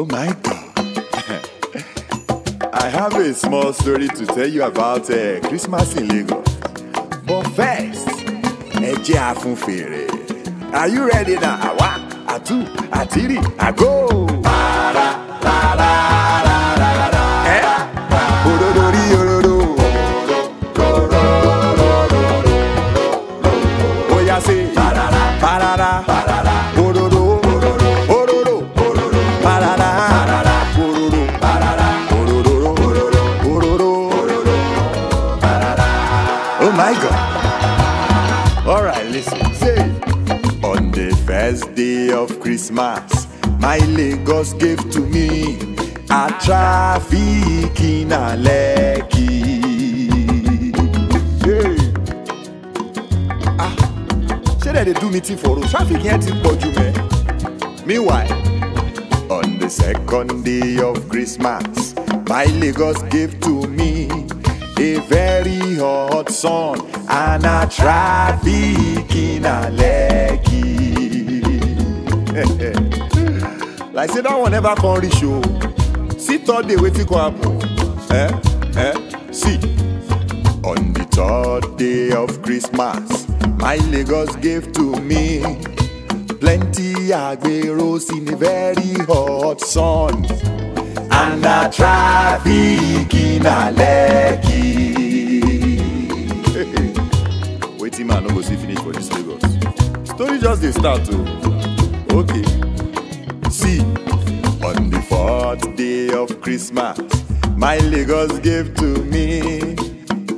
Oh my God. I have a small story to tell you about uh, Christmas in Lagos. But first, ẹ jẹ́ a fún fèrè. Are you ready now? Àwa, àtú, àtírí, àgó. Para, para, para, para, para. Ẹ òdodo rí o. listen. Say, on the first day of Christmas, my Lagos gave to me a traffic in Aleki. Ah, ṣé dey do meeting for road traffic yẹn ti pọ̀ jù mẹ́. meanwhile on the second day of Christmas my Lagos gave to me a very hot sun and a traffic in Lekki. like say that one never come reach o. Oh. See third day wetin come happen. Eh? Eh? See. On the third day of Christmas, my Lagos gave to me plenty agberos in a very hot sun na traffic na lekki wetin man no go see finish for this lagos story just dey start o okay see on the fourth day of christmas my lagos gave to me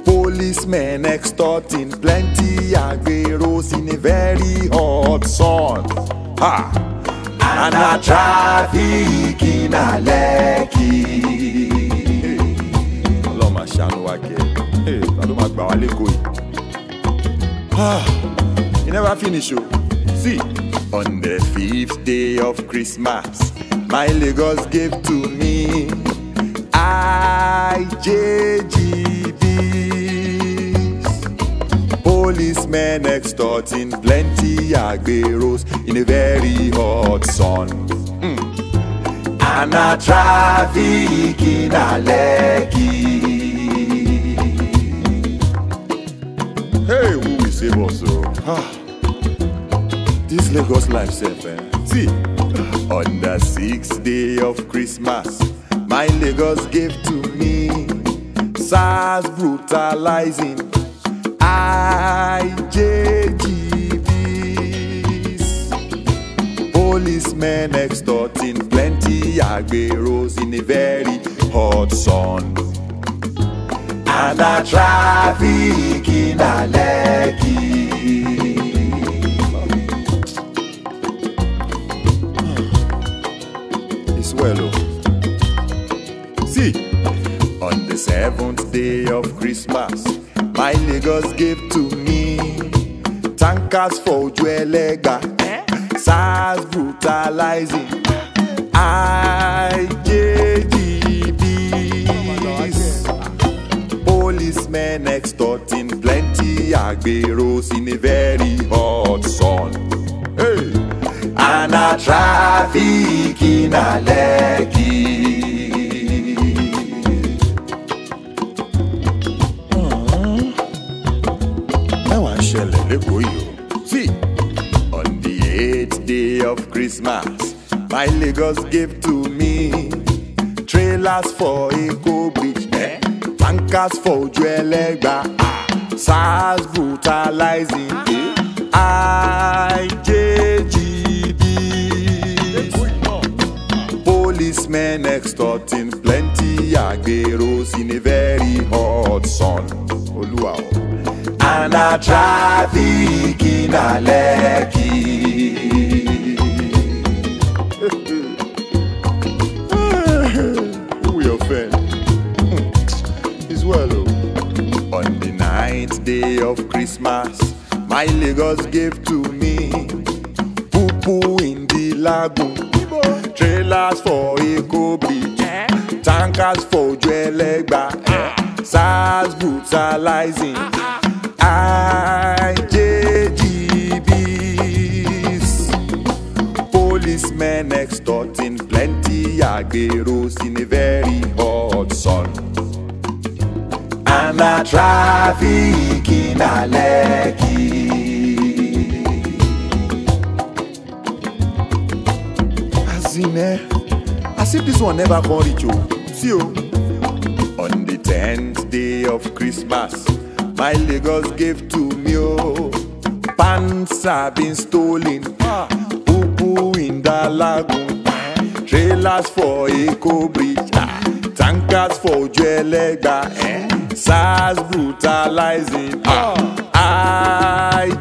policemen extorting plenty agberos in a very hot sun ha na trafiki na Lekki. ọlọ́run máa ṣàánú wa kẹ́ ẹ̀ ta ló máa gbà wá lẹ́kọ̀ọ́ yìí. Ah, you never finish o. see on the fifth day of Christmas my Lagos gave to me. I, J, J. men extorting plenty agberos in a very hot sun. Mm. And a traffic in Aleki. Hey, who will save us, oh? Ah. This Lagos life, self, eh? See, on the sixth day of Christmas, my Lagos gave to me SARS brutalizing IJGBs. Policemen extorting plenty agberos in a very hot sun. And a traffic in Aleki. It's well. Oh. See, on the seventh day of Christmas. my Lagos gave to me. Tankers for Juelega, SARS brutalizing. IJGBs, policemen extorting plenty agberos in a very hot sun. Hey! And a traffic in a leg. Christmas my Lagos gave to me. Trailers for Eco Bridge, eh? tankers for Juelegba, ah. SARS brutalizing. Eh? IJGB, policemen extorting plenty agberos in a very hot sun. And a traffic in a Lekki. my Lagos gave to me. Poo poo in the lagoon, trailers for Eco Beach, tankers for Juelegba, SARS brutalizing. IJGBs, policemen extorting plenty agberos in a very hot sun. a traffic na Lekki. him eh? As if this one never come reach you. See you. On the tenth day of Christmas, my Lagos gave to me oh. Pants have been stolen, ah, poo in the lagoon, eh. trailers for Eco Bridge, ah, tankers for Ojuelegba, eh? SARS brutalizing. Ah. I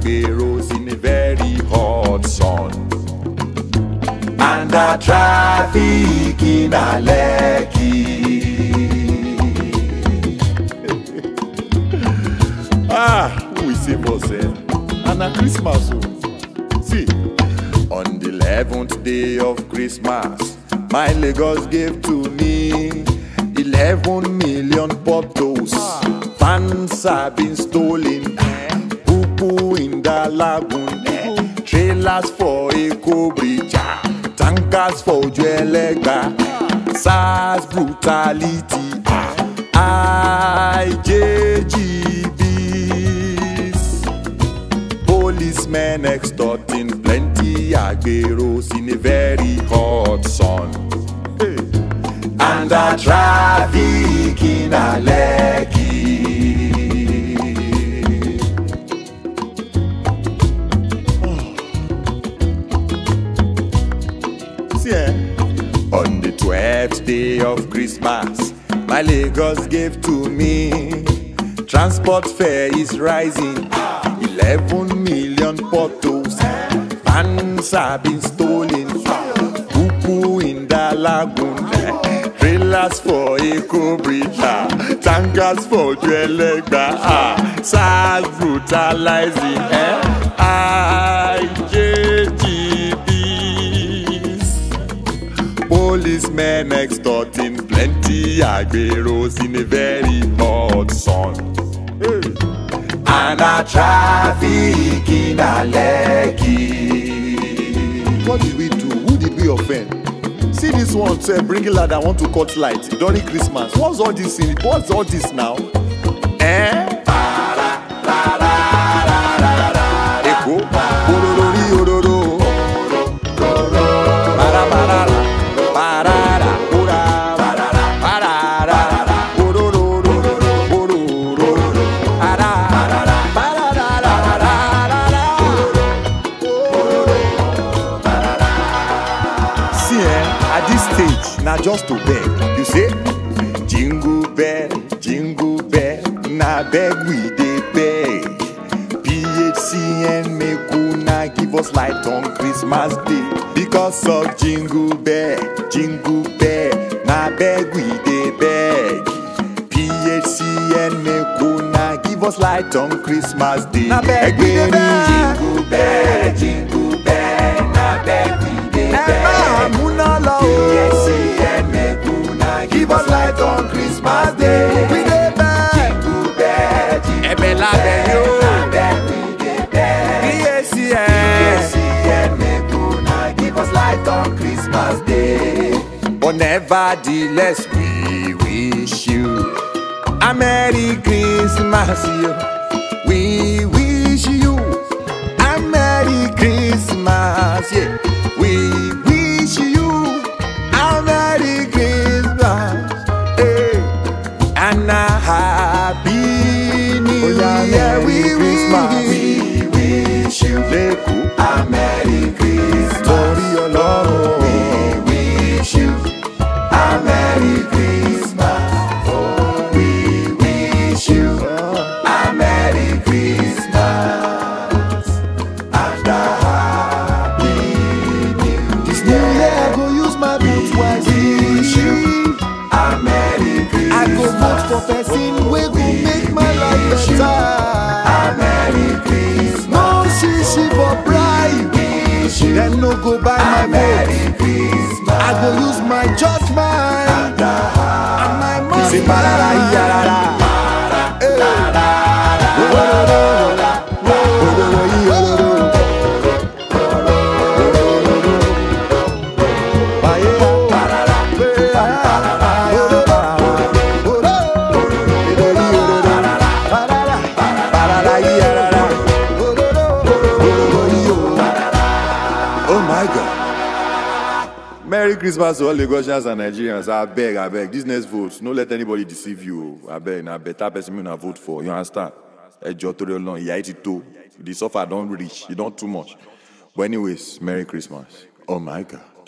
agbèrò in a very hot sun. Under traffic in Lekki. ah, who is it for sale? And a Christmas o. Oh. See, on the eleventh day of Christmas, my Lagos gave to me eleven million bottles. Ah. Fans have been stolen. Jalagun, trailers for Eco Bridge, tankers for Juelegba, SARS brutality, IJGBs, policemen extorting plenty agberos in a very hot sun. Hey. And a traffic in a lake. twelfth day of Christmas my Lagos gave to me. Transport fare is rising, eleven million bottles. fans have been stolen, poo in the lagoon. Trailers for Eco Bridge, tankers for Juelegba. Ah, SARS brutalizing. Eh? I policemen extorting plenty agberos in a very hot sun. And our traffic in Lekki. What did we do? Who did we offend? See this one say bring a ladder want to cut light during Christmas. What's all this? In, what's all this now? Eh? I just to beg. You say, Jingle bell, jingle bell, I beg we dey beg. PHC and Meguna give us light on Christmas Day because of jingle bell, jingle bell, now beg we dey beg. PHC and Meguna give us light on Christmas Day. Now beg we dey beg. Jingle bell, jingle bell, now beg we dey beg. Christmas day. We dey beg. Jingle bell, jingle bell, la bell yo. We dey beg. DACN. DACN make give us light on Christmas day. But nevertheless, we wish you a Merry Christmas, yo. We wish you a Merry Christmas, yeah. We Confessing we will make my life better Christmas No she she for bribe Them no go buy my vote I go use my just mind And my money merry christmas to all lagosians and nigerians I beg, I beg. This next vote no let anybody deceive you I beg. na better person me, una vote for you understand ẹjọ torí Ọlọ́run ìyà yìí ti tó the suffer don't reach e don't too much but anyways merry christmas oh my god.